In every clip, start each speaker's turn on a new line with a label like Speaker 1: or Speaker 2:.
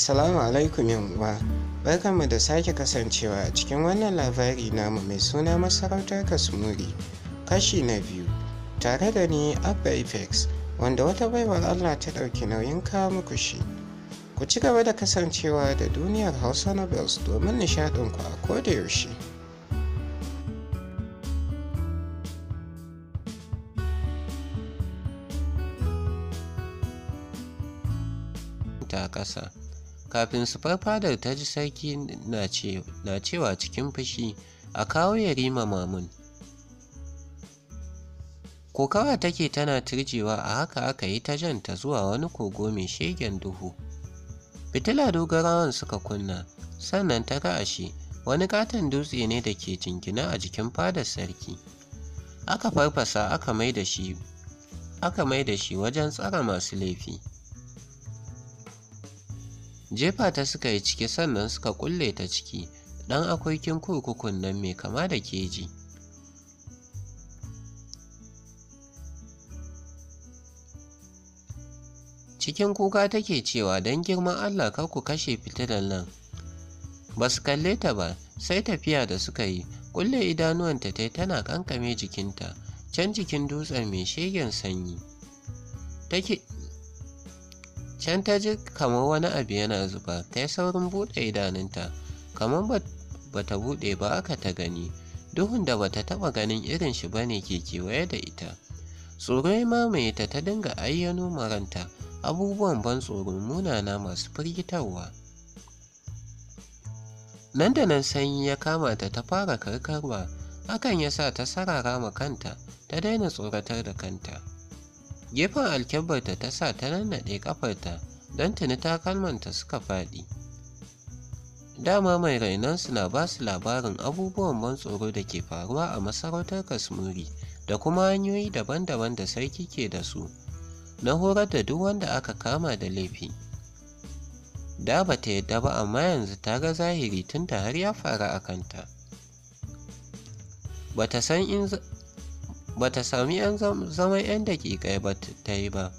Speaker 1: Assalamu alaikum yamma barkanmu da sake kasancewa a cikin wannan labari namu mai suna masarautar kasmuri kashi na biyu tare da ni abba ifex wanda wata baiwar allah ta ɗauki nauyin kawo muku shi ku ci gaba da kasancewa da duniyar hausa nobels domin nishaɗinku a kodayaushe ta ƙasa kafin su farfadar ta ji sarki na cewa cikin fushi a kawo yarima mamun kokawa take tana turjewa a haka aka yi ta janta zuwa wani kogo mai shegen duhu fitila dogarawan suka kunna sannan ta ga ashe wani katon dutse ne da ke jingina a jikin fadar sarki aka farfasa aka mai da shi wajen tsara masu laifi jefa ta suka yi ciki sannan suka kulle ta ciki ɗan akwaikin kurkukun nan mai kama da keji cikin kuka take cewa don girman allah kar ku kashe fitilan nan ba su kalle ta ba sai tafiya da suka yi kulle idanuwanta ta tana kankame jikinta can jikin dutsen mai shegen sanyi can ta ji kamar wani abu yana zuba ta yi saurin buɗe idanunta kamar ba ta buɗe ba aka ta gani duhun da bata taɓa ganin irin shi bane ke kewaye da ita tsoro ya mamaye ta ta dinga ayyano maranta abubuwan ban tsoron munana masu firgitarwa nan da nan sanyi ya kama ta ta fara karkarwa hakan ya sa ta sarara ma kanta ta daina tsoratar da kanta gefen alkyabbarta ta sa ta nannaɗe ƙafarta don tuni takalmanta suka faɗi dama mai rainansu na ba su labarin abubuwan ban tsoro da ke faruwa a masarautar kasmuri da kuma hanyoyi daban-daban da sarki ke da su na horar da duk wanda aka kama da laifi da ba ta yadda ba amma yanzu ta ga zahiri tun da har ya faru a kanta ba ta san in ba ta sami yan zaman 'yan daƙiƙai ba ta yi ba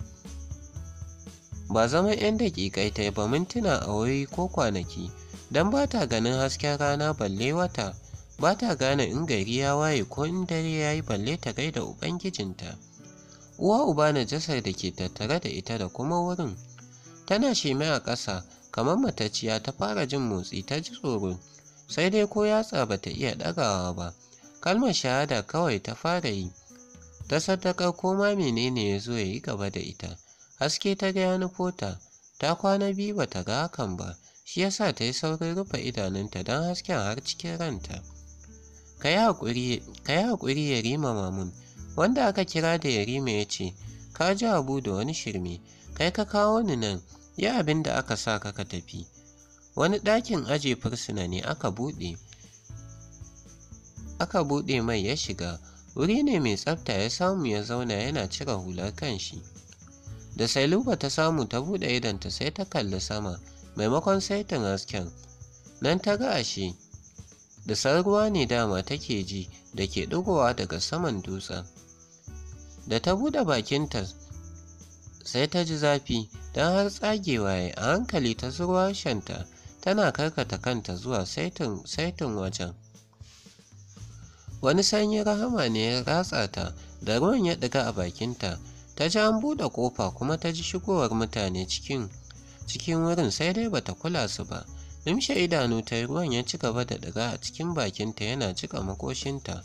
Speaker 1: ba zaman 'yan daƙiƙai ta yi ba mintuna a wuri ko kwanaki don ba ta ganin hasken rana balle wata ba ta gane in gari ya waye ko in dare ya yi balle ta da ubangijinta uwa uba na jasar da ke tattare da ita da kuma wurin tana shime a ƙasa kamar matacciya ta fara jin motsi ta ji tsoro sai dai ko yatsa ba ta iya ɗagawa ba kalmar shahada kawai ta fara yi ta sadaka ko ma menene ya zo ya yi gaba da ita haske ta ga ya nufo ta ta kwana biyu ba ta ga hakan ba shi ya sa ta yi saurin rufe idanunta don hasken har cikin ranta ka yi haƙuri Yarima, mamun wanda aka kira da yarima ya ce ka ji abu da wani shirme kai ka kawo ni nan yi abin da aka sa ka ka tafi wani ɗakin aje fursuna ne aka buɗe mai ya shiga Wuri ne mai tsafta ya samu ya zauna yana cire hular shi. Da Sailuba ta samu ta buɗe idonta sai ta kalli sama maimakon saitin hasken. Nan ta ga ashe, da sarruwa ne dama take ji da ke ɗigowa daga saman dutsen. Da ta buɗe bakinta sai ta ji zafi don har tsagewa ya a hankali ta zuwa shanta tana karkata kanta zuwa saitin wajen. wani sanyi rahama ne ya ratsa ta da ruwan ya ɗiga a bakinta ta ji an buɗe ƙofa kuma ta ji shigowar mutane cikin cikin wurin sai dai bata kula su ba limshe idanu ta yi ruwan ya ci gaba da ɗiga a cikin bakinta yana cika makoshinta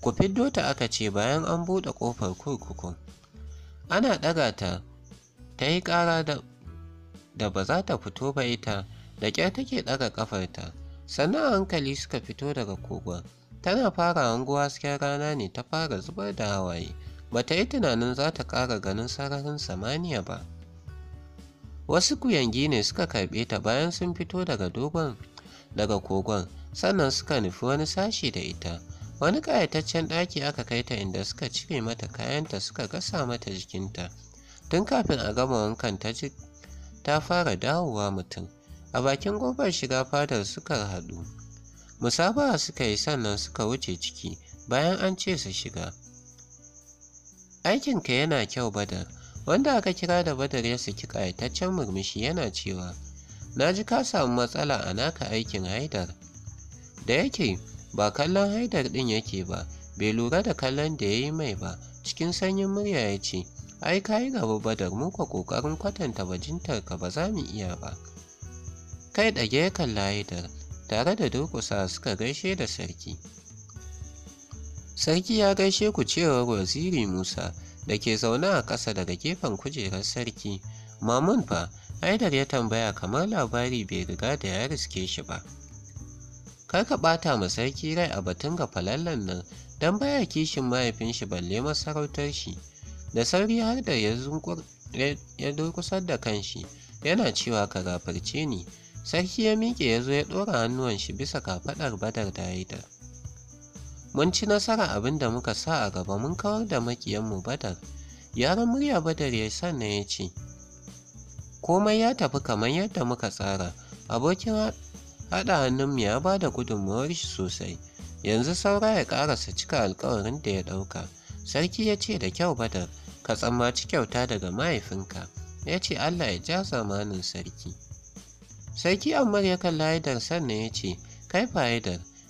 Speaker 1: ku fiddo ta aka ce bayan an buɗe ƙofar kurkuku. ana ɗaga ta ta yi ƙara da da ba za ta fito ba ita da ƙyar take ɗaga ƙafarta sannan hankali suka fito daga kogon tana fara hango hasken rana ne ta fara zubar da hawaye ba ta yi tunanin za ta ƙara ganin sararin samaniya ba wasu kuyangi ne suka karɓe ta bayan sun fito daga dogon daga kogon sannan suka nufi wani sashi da ita wani ƙayataccen ɗaki aka kai ta inda suka cire mata kayanta suka gasa mata jikinta tun kafin a gama wankan ta ji ta fara dawowa mutum a bakin ƙofar shiga fadar suka haɗu musabaha suka yi sannan suka wuce ciki bayan an ce su shiga aikinka yana kyau badar wanda aka kira da badar ya saki kayataccen murmushi yana cewa na ji ka samu matsala a naka aikin haidar da yake ba kallon haidar ɗin yake ba bai lura da kallon da ya yi mai ba cikin sanyin murya ya ce ai ka yi gaba badar mu kwa ƙoƙarin kwatanta bajintarka ba za mu iya ba kai ɗage ya kalla haidar tare da durƙusa suka gaishe da sarki sarki ya gaishe ku cewar waziri musa da ke zaune a ƙasa daga gefen kujerar sarki mamun fa haidar ya tambaya kamar labari bai riga da ya riske shi ba kar ka ɓata ma sarki rai a batun ga falallan nan don baya kishin mahaifin shi balle masarautar shi da sauri har da ya durƙusar da kanshi yana cewa ka gafarce ni Sarki ya miƙe ya zo ya ɗora hannuwan shi bisa kafaɗar badar da ya Mun ci nasara abin da muka sa a gaba mun kawar da maƙiyanmu badar. Yaran murya badar ya sannan ya ce, Komai ya tafi kamar yadda muka tsara, abokin haɗa hannunmu ya ba da gudunmawar shi sosai, yanzu saura ya ƙarasa cika alkawarin da ya ɗauka. Sarki ya ce da kyau badar, ka tsammaci kyauta daga mahaifinka, ya ce Allah ya ja zamanin sarki. sarki ammar ya kalla haidar sannan ya ce kai fa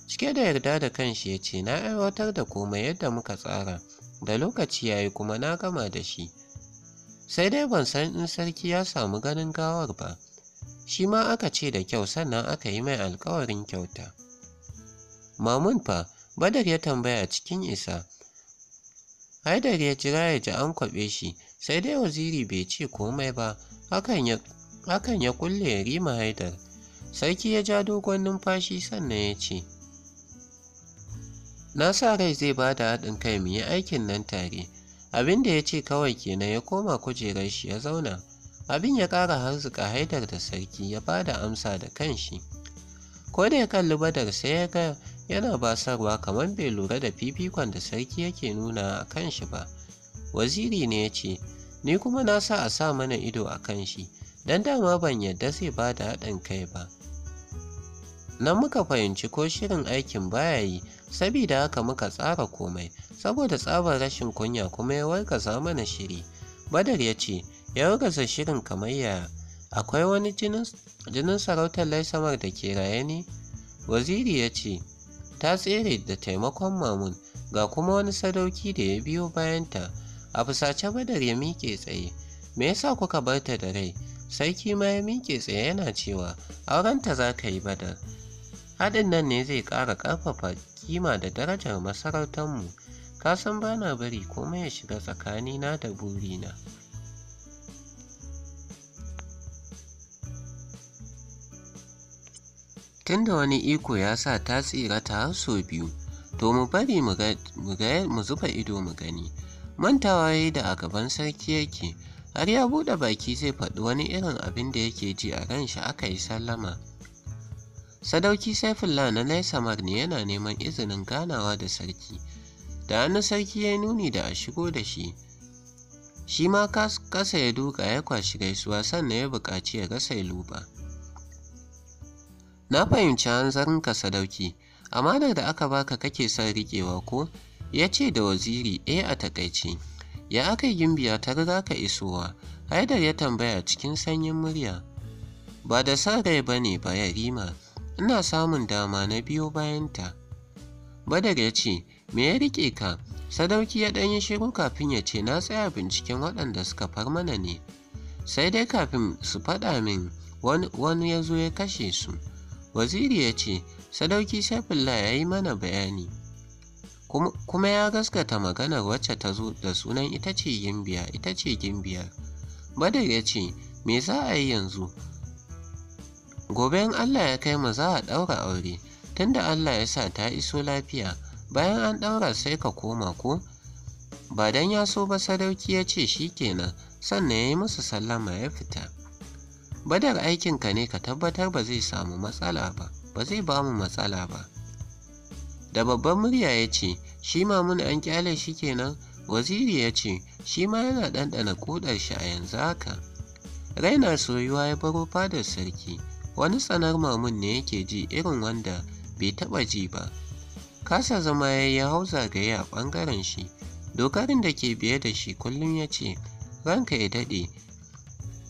Speaker 1: cike da yarda da kanshi ya ce na aiwatar da komai yadda muka tsara da lokaci ya yi kuma na gama da shi sai dai ban san in sarki ya samu ganin gawar ba shi ma aka ce da kyau sannan aka yi mai alkawarin kyauta mamun fa badar ya tambaya cikin isa haidar ya jira ya ji an kwaɓe shi sai dai waziri bai ce komai ba hakan ya hakan ya kulle rima haidar sarki ya ja dogon numfashi sannan ya ce na sa rai zai ba da haɗin kai mu yi aikin nan tare abin da ya ce kawai kenan ya koma kujerar shi ya zauna abin ya ƙara harzuka haidar da sarki ya ba da amsa da kanshi ko da ya kalli badar sai ya ga yana basarwa kamar bai lura da fifikon da sarki yake nuna a kan shi ba waziri ne ya ce ni kuma na sa a sa mana ido a kanshi. shi don dama ban yadda zai ba da haɗin kai ba nan muka fahimci ko shirin aikin baya yi sabida haka muka tsara komai saboda tsabar rashin kunya kuma ya wargaza mana shiri badar ya ce ya wargaza shirin kamar yaya akwai wani jinin sarautar laisamar da ke raye ne waziri ya ce ta tsere da taimakon mamun ga kuma wani sadauki da ya biyo bayanta a fusace badar ya miƙe tsaye me yasa kuka bar ta da rai sarki ma ya miƙe tsaye yana cewa aurenta za ta yi badar haɗin nan ne zai ƙara ƙarfafa kima da darajar masarautarmu ka san ba na bari komai ya shiga tsakanina da burina da wani iko ya sa ta tsira ta har sau biyu to mu bari mu zuba ido mu gani mantawa da a gaban sarki yake har ya buɗe baki zai faɗi wani irin abin da yake ji a ran shi aka yi sallama sadauki saifullah na laisa ne yana neman izinin ganawa da sarki da hannu sarki ya nuni da a shigo da shi shi ma kasa ya duka ya kwashi gaisuwa sannan ya buƙaci ya gasa ya luba na fahimci hanzarinka sadauki amanar da aka baka kake son riƙewa ko ya ce da waziri eh a takaice Ya aka yi gimbiya ta riga ka isowa, Haidar ya tambaya cikin sanyin murya. Ba da sa rai ba ne ba Yarima, ina samun dama na biyo bayanta. Badar ya ce, Me ya riƙe ka? Sadauki ya ɗan yi shiru kafin ya ce na tsaya binciken waɗanda suka far mana ne. Sai dai kafin su faɗa min wani ya zo ya kashe su. Waziri ya ce, Sadauki Saifullah ya yi mana bayani. kuma ya gaskata maganar wacce ta zo da sunan ita ce gimbiya ita ce gimbiyar badar ya ce me za a yi yanzu gobe in allah ya kai mu za a ɗaura aure tunda allah ya sa ta iso lafiya bayan an ɗaura sai ka koma ko ba dan ya so ba sadauki ya ce shi kenan sannan ya yi musu sallama ya fita badar aikinka ne ka tabbatar ba zai samu matsala ba ba zai ba mu matsala ba da babban murya ya ce shi mamun an kyale shi kenan waziri ya ce shi ma yana ɗanɗana kodar shi a yanzu haka raina soyuwa ya baro fadar sarki wani tsanar mamun ne yake ji irin wanda bai taɓa ji ba kasa zama ya yi hau zagaye a ɓangaren shi dokarin da ke biye da shi kullum ya ce ranka ya daɗe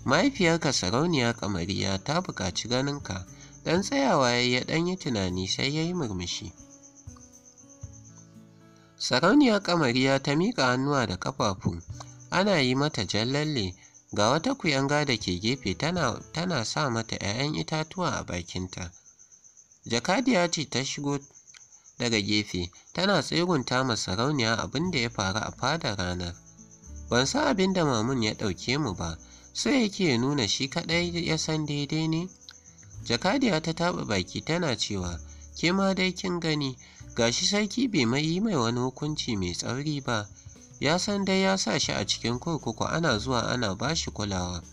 Speaker 1: mahaifiyarka sarauniya kamariya ta buƙaci ganinka dan tsayawa ya yi ɗan yi tunani sai ya yi murmushi Sarauniya Kamariya ta miƙa hannuwa da ƙafafu, ana yi mata jallalle ga wata kuyanga da ke gefe tana sa mata 'ya'yan itatuwa a bakinta. Jakadiya ce ta shigo daga gefe, tana tsegunta ma sarauniya abin da ya faru a fadar ranar. Ban san abin da Mamun ya ɗauke mu ba, sai yake nuna shi kaɗai ya san daidai ne? Jakadiya ta taɓa baki tana cewa, ke ma dai kin gani, gashi sarki bai mai yi mai wani hukunci mai tsauri ba ya san dai ya sa shi a cikin kurkuku ana zuwa ana ba shi kulawa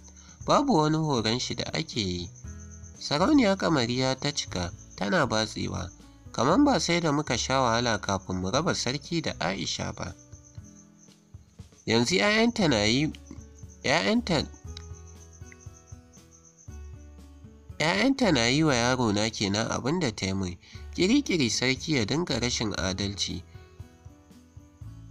Speaker 1: babu wani horon shi da ake yi sarauniya kamariya ta cika tana batsewa kamar ba sai da muka sha wahala kafin mu raba sarki da aisha ba yanzu 'ya'yanta na yi 'ya'yanta ‘ya'yanta na yi wa yarona kenan abin da ta yi kirikiri sarki ya dinga rashin adalci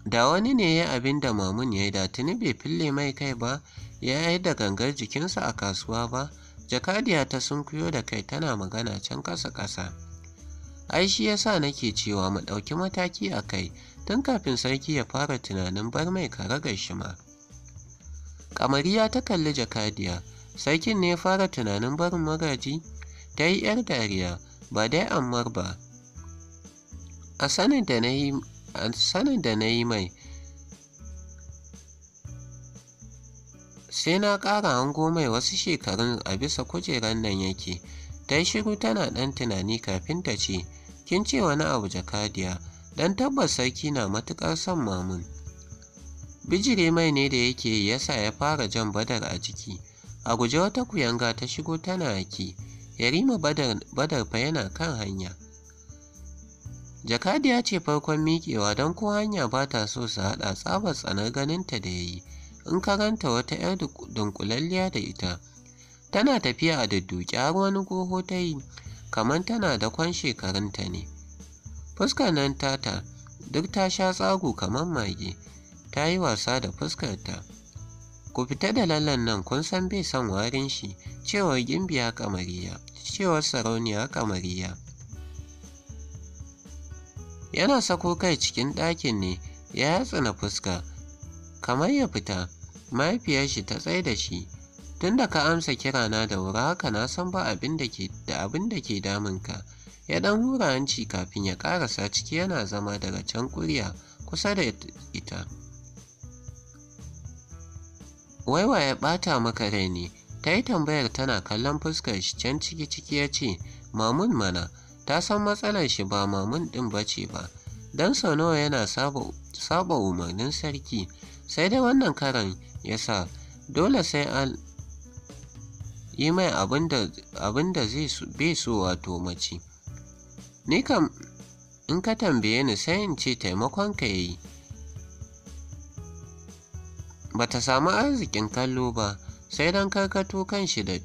Speaker 1: da wani ne ya abin da mamun ya yi da tuni bai fille mai kai ba ya yi da gangar jikinsa a kasuwa ba jakadiya ta sunkuyo da kai tana magana can ƙasa ƙasa ai shi yasa nake cewa mu ɗauki mataki a kai tun kafin sarki ya fara tunanin bar mai karagar shi ma kamariya ta kalli jakadiya sarkin ne ya fara tunanin barin magaji ta yi 'yar dariya ba dai Ammar ba. A sanin da na yi mai, sai na ƙara hango mai wasu shekarun a bisa kujerar nan yake, ta yi shiru tana ɗan tunani kafin ta ce, Kin ce wani abu jakadiya, don tabbas sarki na matuƙar son mamun. Bijire mai ne da yake yasa ya fara jan badar a jiki, a guje wata kuyanga ta shigo tana yaki Yarima Badar fa yana kan hanya. Jakadiya ce farkon miƙewa don ko hanya ba ta so su haɗa tsabar tsanar ganinta da ya yi, in ka ganta wata 'yar dunkulalliya da ita. Tana tafiya a dadduki har wani goho ta yi, kamar tana da kwan shekarunta ne. Fuskar nan tata duk ta sha tsago kamar mage, ta yi wasa da fuskar ta. Ku fita da lallan nan kun san bai son warin shi, cewar gimbiya kamariya. cewar kamar kamariya yana sako kai cikin ɗakin ne ya yatsa fuska kamar ya fita mahaifiyar shi ta tsaye da shi tun da ka amsa kira na da wuri haka na san ba abin da ke da abin da ke damunka ya ɗan hura hanci kafin ya ƙarasa ciki yana zama daga can ƙuriya kusa da ita Wai wa ya ɓata maka rai ne ta yi tambayar tana kallon fuskar shi can ciki-ciki ya ce mamun mana ta san matsalar shi ba mamun din ba ce ba don sau nawa yana saba umarnin sarki sai dai wannan karan ya sa dole sai an yi mai abin da zai bai so wato mace ni kam in ka tambaye ni sai in ce taimakon ka yi. ba ta samu arzikin kallo ba sai don karkato shi da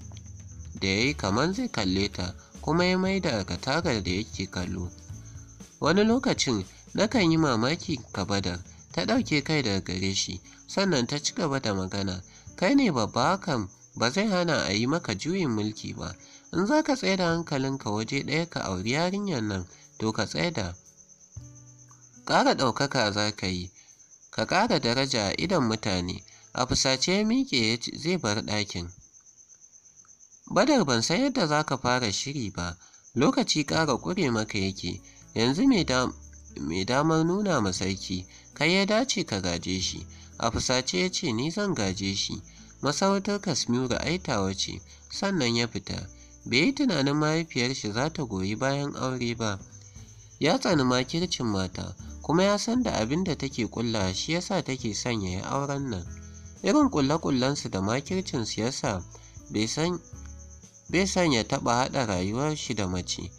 Speaker 1: da ya yi kamar zai kalle ta kuma ya mai da katagar da yake kallo wani lokacin nakan yi mamaki kabadar ta ɗauke kai daga gare shi sannan ta ci gaba da magana kai ne babba hakan ba zai hana a yi maka juyin mulki ba in za ka tsaye da hankalinka waje ɗaya ka auri yarinyar nan to ka tsaye da ƙara ɗaukaka za ka yi ka ƙara daraja a idon mutane a fusace ya miƙe zai bar ɗakin badar ban san yadda za ka fara shiri ba lokaci ƙara ƙure maka yake yanzu mai damar nuna ma sarki kai ya dace ka gaje shi a fusace ya ce ni zan gaje shi masarautar kasmiura aitawa ce sannan ya fita bai yi tunanin mahaifiyar shi za ta goyi bayan aure ba ya tsani kircin mata kuma ya san da abin da take kulla shi yasa take son ya yi auren nan irin ƙulle kullensu da makircinsu ya sa bai san ya taɓa haɗa rayuwar shi da mace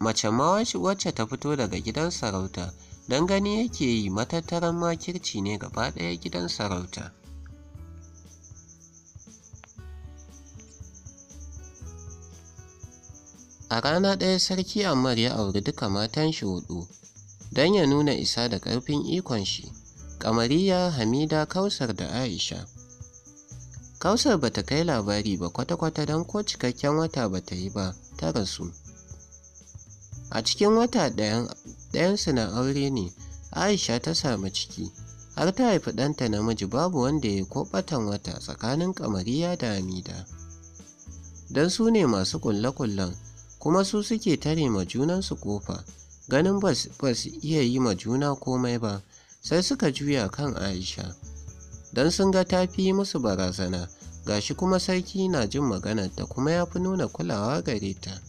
Speaker 1: mace ma wacce ta fito daga gidan sarauta don gani yake yi matattaran makirci ne gaba ɗaya gidan sarauta a rana ɗaya sarki ammar ya auri duka matan shi hudu don ya nuna isa da ƙarfin ikon shi Kamariya, Hamida, Kausar da Aisha. Kausar bata kai labari ba kwata-kwata don ko cikakken wata ba ta yi ba, ta rasu. A cikin wata ɗayan su na aure ne, Aisha ta sami ciki, har ta haifi ɗanta namiji babu wanda ya ko ɓatan wata tsakanin Kamariya da Hamida. Don su ne masu kulle-kullen, kuma su suke tare ma junansu kofa, ganin ba su iya yi ma juna komai ba. sai suka juya kan aisha don sun ga ta fi musu barazana gashi kuma sarki na jin maganarta kuma ya fi nuna kulawa gare ta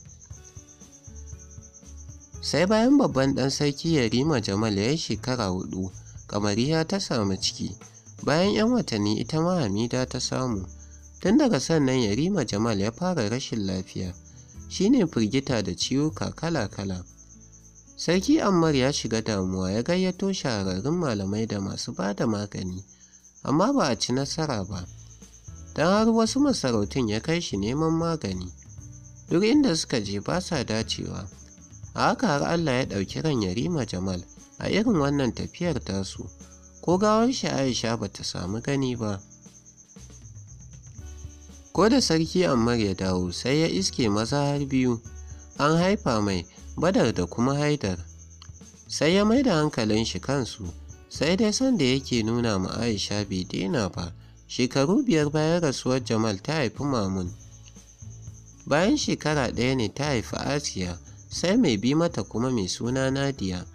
Speaker 1: sai bayan babban ɗan sarki yarima jamal ya yi shekara hudu kamariya ta samu ciki bayan 'yan watanni ita ma hamida ta samu tun daga sannan yarima jamal ya fara rashin lafiya shine firgita da ciwuka kala-kala Sarki Ammar ya shiga damuwa ya gayyato shahararrun malamai da masu ba da magani, amma ba a ci nasara ba, don har wasu masarautun ya kai shi neman magani. Duk inda suka je ba sa dacewa, a haka har Allah ya ɗauki ran Yarima Jamal a irin wannan tafiyar tasu, ko gawar shi Aisha ba ta samu gani ba. Ko da sarki Ammar ya dawo sai ya iske maza har biyu, an haifa mai badar da kuma haidar sai ya mai da hankalin shi kansu sai dai sanda yake nuna ma aisha bai daina ba shekaru biyar bayan rasuwar jamal ta haifi mamun bayan shekara ɗaya ne ta haifi asiya sai mai bi mata kuma mai suna nadiya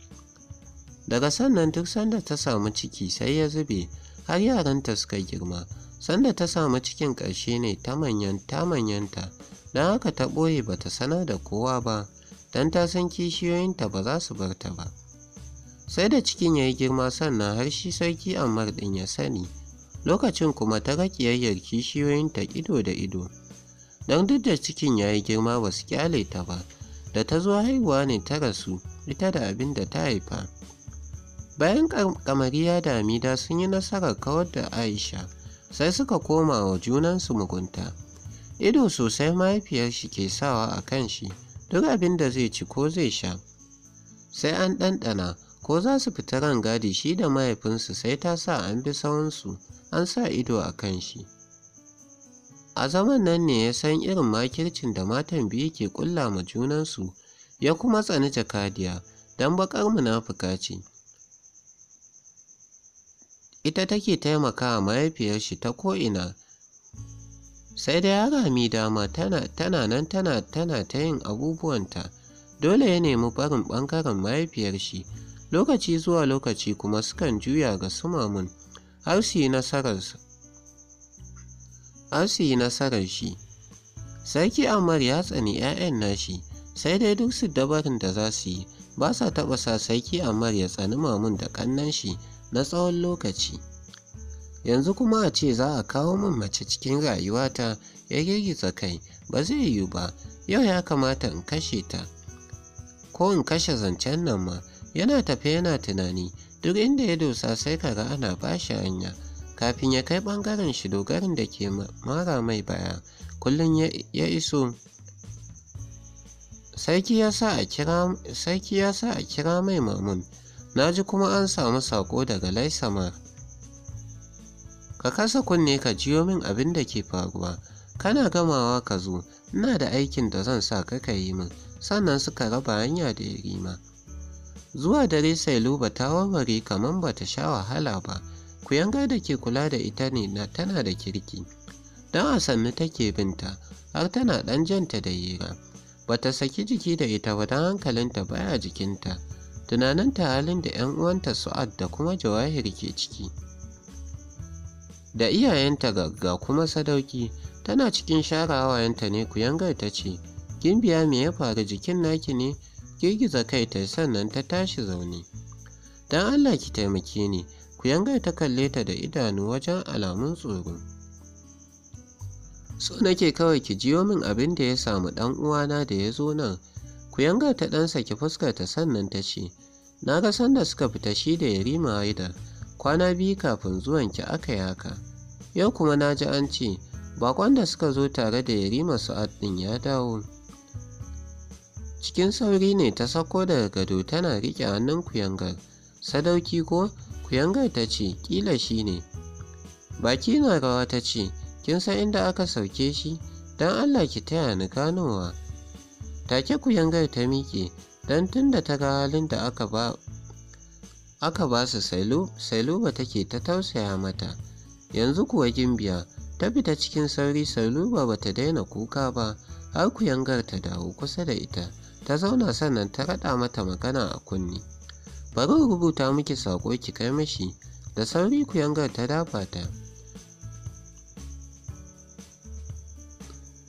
Speaker 1: daga sannan duk sanda ta samu ciki sai ya zube har yaranta suka girma sanda ta samu cikin ƙarshe ne ta manyanta don haka ta ɓoye bata sanar da kowa ba don ta san kishiyoyinta ba za su bar ta ba sai da cikin ya yi girma sannan har shi sarki amma ɗin ya sani lokacin kuma ta ga ƙiyayyar kishiyoyinta ido da ido don duk da cikin ya yi girma ba su kyale ta ba da ta zo haihuwa ne ta rasu ita da abin da ta haifa bayan kamariya da amida sun yi nasarar kawar da aisha sai suka koma wa junansu mugunta ido sosai mahaifiyar shi ke sawa a kan shi duk abin da zai ci ko zai sha sai an ɗanɗana ko za su fita ran gadi shi da mahaifinsu sai ta sa an bi sawansu an sa ido a kan shi a zaman nan ne ya san irin makircin da matan biyu ke ƙulla ma junansu ya kuma tsani jakadiya don bakar munafuka ce ita take taimaka mahaifiyar shi ta ko'ina sai dai harami dama tana, nan tana, tana ta yin abubuwanta dole ya nemi barin ɓangaren mahaifiyar shi lokaci zuwa lokaci kuma sukan juya ga sumamun har su yi nasarar shi sarki amar ya tsani 'ya'yan nashi sai dai duk su dabarin da za su yi ba sa taɓa sa sarki amar ya tsani mamun da kannan shi na tsawon lokaci yanzu kuma a ce za a kawo min mace cikin rayuwata ya girgiza kai ba zai yiwu ba yau ya kamata in kashe ta ko in kashe zancen nan ma yana tafe yana tunani duk inda ya dosa sai kaga ana bashi hanya kafin ya kai ɓangaren shi dogarin da ke mara mai baya kullum ya iso sarki ya sa a kira mai mamun na ji kuma an samu sako daga laisama ka kasa kunne ka jiyo min abin da ke faruwa kana gamawa ka zo ina da aikin da zan sa ka ka yi min sannan suka raba hanya da yarima zuwa dare sai luba ta warware kamar ba ta sha wahala ba yanga da ke kula da ita ne na tana da kirki don a sannu take binta har tana dan janta da yera bata saki jiki da ita ba don hankalinta baya jikinta tunaninta halin da 'yan uwanta su'ad da kuma jawahir ke ciki da iyayenta ga kuma sadauki tana cikin share hawayenta ne kuyangar ta ce gimbiya me ya faru jikin naki ne girgiza kai ta sannan ta tashi zaune don allah ki taimake ni kuyangar ta kalle ta da idanu wajen alamun tsoro so nake kawai ki jiyo min abin da ya samu dan uwana da ya zo nan kuyangar ta dan saki fuskar ta sannan ta ce na ga sanda suka fita shi da yarima haidar kwana biyu kafin zuwanki aka yaka. yau kuma na ji an ce bakon da suka zo tare da yarima su'ad ɗin ya dawo cikin sauri ne ta sako daga gado tana riƙe hannun kuyangar sadauki ko kuyangar ta ce ƙila shi ne baki na rawa ta ce kin san inda aka sauke shi don allah ki taya ni ganowa take kuyangar ta miƙe don tun da ta ga halin da aka ba aka ba su ba take ta tausaya mata, yanzu kuwa Gimbiya ta fita cikin sauri Sa'ilu ba ta daina kuka ba, har ku yangar ta dawo kusa da ita, ta zauna sannan ta raɗa mata magana a kunni. Bari rubuta miki sako ki kai mashi, da sauri ku yangar ta dafa ta.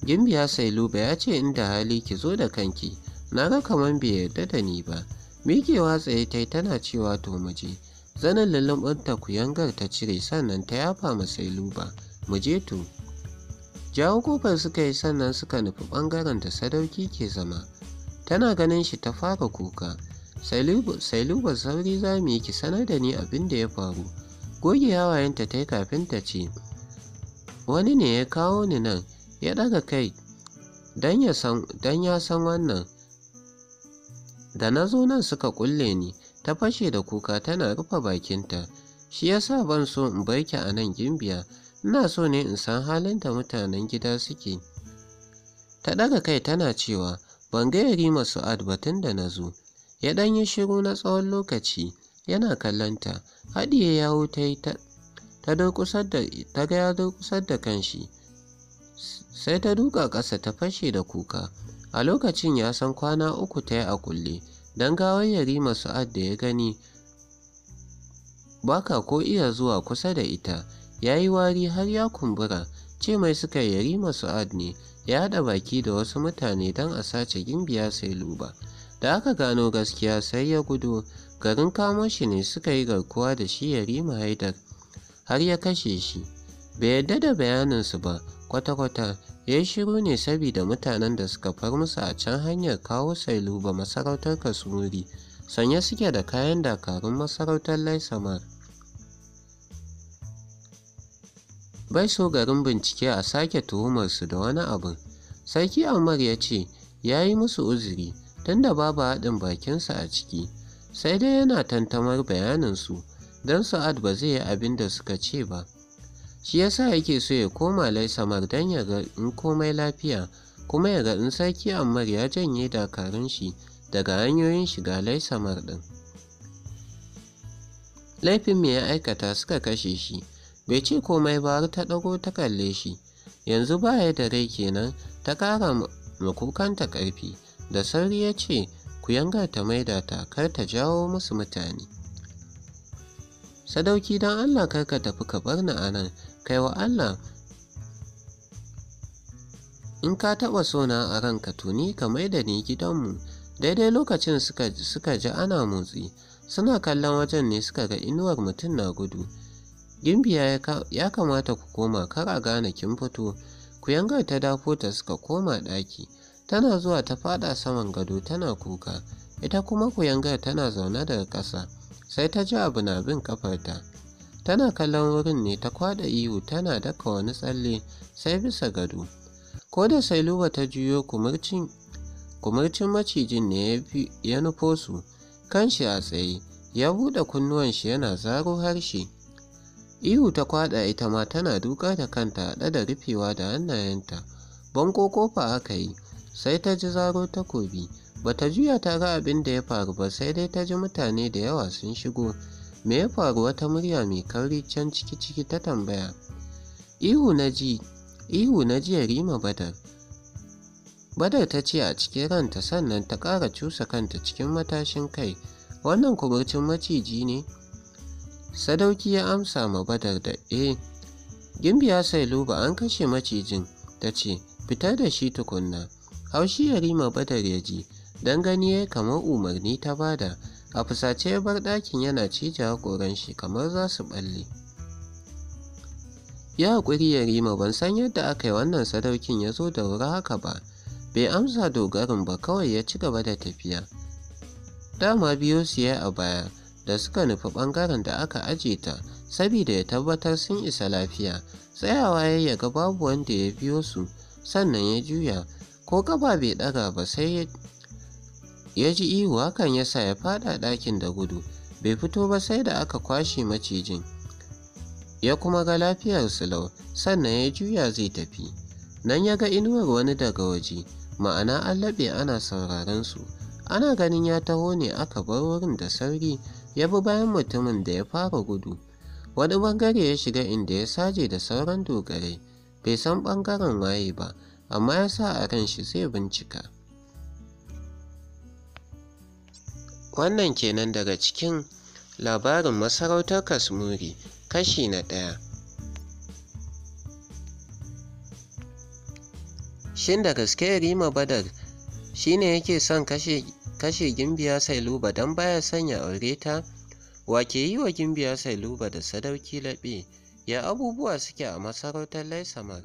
Speaker 1: Gimbiya ba ya ce inda hali ki zo da kanki, na ga kamar bai yarda da ni ba. mikewa tsaye ta yi tana cewa to mu je. Zanen ta kuyangar ta cire sannan ta yafa masa luba. Mu je to. Jawo kofar suka yi sannan suka nufi ɓangaren da sadauki ke zama. Tana ganin shi ta fara kuka. Sailuba sauri za mu yi ki sanar da ni abin da ya faru. Goge hawayenta ta yi kafin ta ce, Wani ne ya kawo ni nan, ya ɗaga kai don ya san wannan. da na zo nan suka kulle ni ta fashe da kuka tana rufe bakinta shi yasa ban so in bar ki a nan gimbiya ina so ne in san halin da mutanen gida suke ta daga kai tana cewa ban ga yarima su batun da na zo ya dan yi shiru na tsawon lokaci yana kallonta haɗiye yawo ta yi ta ta ga ya durƙusar da kanshi sai ta duka ƙasa ta fashe da kuka a lokacin ya san kwana uku ta yi a kulle don gawar yarima su'ad da ya gani baka ko iya zuwa kusa da ita ya yi wari har ya kumbura ce mai suka yarima su'ad ne ya haɗa baki da wasu mutane don a sace gimbiya sai luba da aka gano gaskiya sai ya gudu garin kamo shi ne suka yi garkuwa da shi yarima haidar har ya kashe shi bai yadda da bayaninsu ba kwata-kwata ya yi shiru ne saboda mutanen da suka far musu a can hanyar kawo sailu ba masarautar kasuri sanye suke da kayan dakarun masarautar laisamar bai so garin bincike a sake tuhumarsu da wani abin sarki ammar ya ce ya yi musu uzuri tunda babu haɗin bakinsu a ciki sai dai yana tantamar bayaninsu don sa'ad ba zai yi abin da suka ce ba shi yasa yake so ya koma laisamar don ya ga in komai lafiya kuma ya ga in sarki ammar ya janye dakarun shi daga hanyoyin shiga laisamar ɗin laifin me ya aikata suka kashe shi bai ce komai ba har ta ɗago ta kalle shi yanzu ba ya da rai kenan ta ƙara makukanta ƙarfi da sauri ya ce ku yanga ta maida ta kar ta jawo musu mutane sadauki don allah kar ka tafi ka bar ni a nan kai wa Allah in ka taɓa sona a ranka tuni ka maida ni gidanmu daidai lokacin suka ji ana motsi suna kallon wajen ne suka ga inuwar mutum na gudu gimbiya ya kamata ku koma kar a gane kin fito kuyangar ta dafo ta suka koma ɗaki tana zuwa ta faɗa saman gado tana kuka ita kuma ku kuyangar tana zaune daga ƙasa sai ta ji abu na bin kafarta tana kallon wurin ne ta kwada ihu tana daka wani tsalle sai bisa gado ko da sai luba ta juyo kumurcin macijin ne ya nufo su kanshi a tsaye ya buɗe kunnuwan shi yana zaro harshe ihu ta kwada ita ma tana duka da kanta haɗe da rufewa da hannayenta banko kofa aka yi sai ta ji zaro takobi bata juya ta ga abin da ya faru ba sai dai ta ji mutane da yawa sun shigo me ya faru wata murya mai kauri can ciki-ciki ta tambaya ihu na ji ihu na ji yarima badar badar ta ce a cikin ranta sannan ta ƙara cusa kanta cikin matashin kai wannan kuburcin maciji ne sadauki ya amsa ma badar da eh, Gimbi ya sai luba an kashe macijin ta ce fitar da shi tukunna haushi yarima badar ya ji don gani ya kamar umarni ta bada a fusace ya bar ɗakin yana cije haƙoran shi kamar za su ɓalle ya haƙuri ya rima ban san yadda aka yi wannan sadaukin ya zo da wuri haka ba bai amsa dogarin ba kawai ya ci gaba da tafiya dama biyo su ya a baya da suka nufi ɓangaren da aka aje ta sabida ya tabbatar sun isa lafiya tsayawa ya yaga babu wanda ya biyo su sannan ya juya ko ƙafa bai ɗaga ba sai ya ji ihu hakan ya sa ya fada ɗakin da gudu bai fito ba sai da aka kwashe macijin ya kuma ga lafiyar silau sannan ya juya zai tafi nan ya ga inuwar wani daga waje ma'ana an laɓe ana sauraron su ana ganin ya taho ne aka bar wurin da sauri ya bi bayan mutumin da ya fara gudu wani bangare ya shiga inda ya saje da sauran dogarai bai san bangaren waye ba amma ya sa a ran shi zai bincika Wannan kenan daga cikin labarin Masarautar kasmuri kashi na ɗaya. Shin da gaske Rima Badar shi ne yake son kashe Gimbiya Sailuba don baya son ya aure ta? Wa ke yi wa Gimbiya Sailuba da sadauki laɓe? Ya abubuwa suke a masarautar Laisamar?